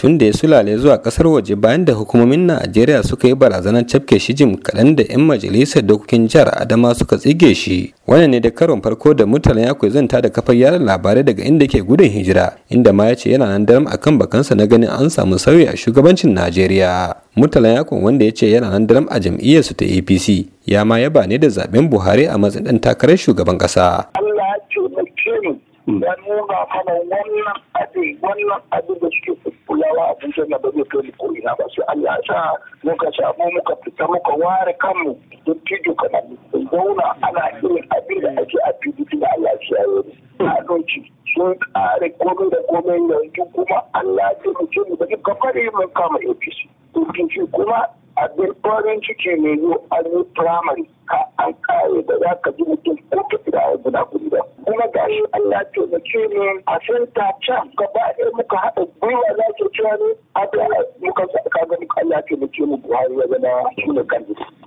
tun da ya sulale zuwa kasar waje bayan da hukumomin Najeriya suka yi barazanar cafke shi jim kaɗan da 'yan majalisar dokokin jihar Adama suka tsige shi. Wannan ne da karon farko da mutanen ya zanta da kafar yaran labarai daga inda ke gudun hijira, inda ma ya ce yana nan daram akan bakansa na ganin an samu sauyi a shugabancin Najeriya. Murtala Yakun wanda ya ce yana nan daram a jam'iyyarsu ta APC ya ma yaba ne da zaben Buhari a matsayin takarar shugaban ƙasa. Allah ya ya nuna mana wannan abin wannan abin da suke kulawa abuja na ba zai ko ina ba sai Allah ya sa muka samu muka fita muka ware kanmu da tijo kamar zauna ana irin abin da ake a pdp da Allah ya yi yau sun kare komai da komai yanzu kuma Allah ya ce mu da duka mun kama APC APC kuma abin farin ciki ne yau an yi firamare ka an kare da za ka ji mutum ko ka fira guda guda kuma gashi Allah taimake mu a ta can gaba ɗaya muka haɗa gwiwa za ke cewa ne da muka ga muka Allah taimake mu Buhari ya zama shi ne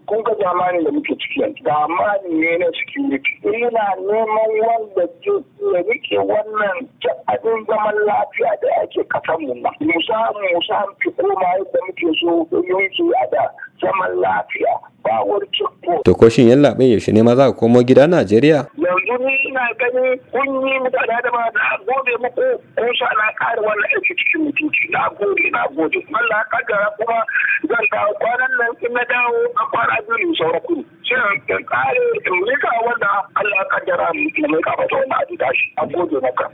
kun ga zamani da muke ciki yanzu zamani ne na security ina neman wanda ke ya rike wannan abin zaman lafiya da ake kasan mu na musa musa fi koma yadda muke so yanki a da zaman lafiya ba wani ko. To ko shin yallaɓe yaushe ne ma za ka komo gida Najeriya? Yanzu ni ina ganin kun yi muku adadama na gode muku ko sha na ƙara wannan aiki cikin mutunci na gode na gode Allah ya kaddara kuma zan dawo kwanan nan in na dawo a kwana biyu sauran kuru. shirin wanda Allah a gode maka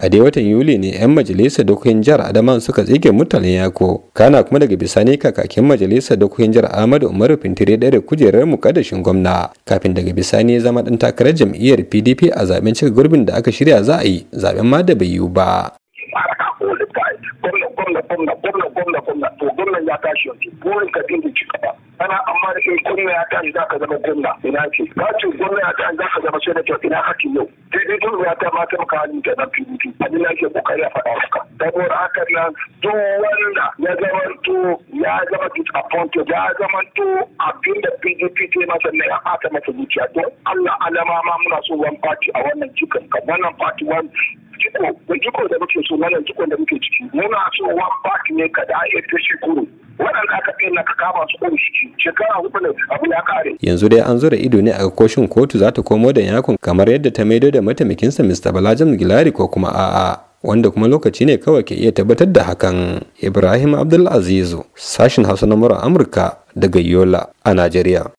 da dai watan Yuli ne yan majalisar dokokin jihar Adaman suka tsige mutanen Yako kana kuma daga bisani kakakin majalisar dokokin jihar Ahmadu Umar Fintire da kujerar mukaddashin gwamna kafin daga bisani ya zama ɗan takarar jam'iyyar PDP a zaben cika gurbin da aka shirya za a yi zaben ma da bai yiwu ba harka olin kai gwamna gwamna gwamna gwamna gwamna gwamna to gwamnan ya tashi yanzu bori ka dinga ci gaba ana amma da in gwamna ya tashi za ka zama gwamna ina ce ka ce gwamna ya tashi za ka zama da kyau ina hakin yau daidai dole ya ta mata maka halin da na pdp abin da ke kokari a faɗa maka saboda haka nan duk wanda ya zama to ya zama disappointed ya zama to abin da pdp ta yi masa ne ya ɓata masa zuciya don allah alama ma muna so wani party a wannan cikin ka wannan party wani jiko da jiko da muke so wannan jiko da muke ciki muna so one back ne ka da ya tashi kuro wannan aka kai na ka kama su kuro shi shekara hudu ne abu ya kare yanzu dai an zura ido ne a koshin kotu za ta komo da yakun kamar yadda ta maido da mataimakinsa Mr. Balajan Gilari ko kuma a'a wanda kuma lokaci ne kawai ke iya tabbatar da hakan Ibrahim Abdulazizu sashin Hausa na Amurka daga Yola a Najeriya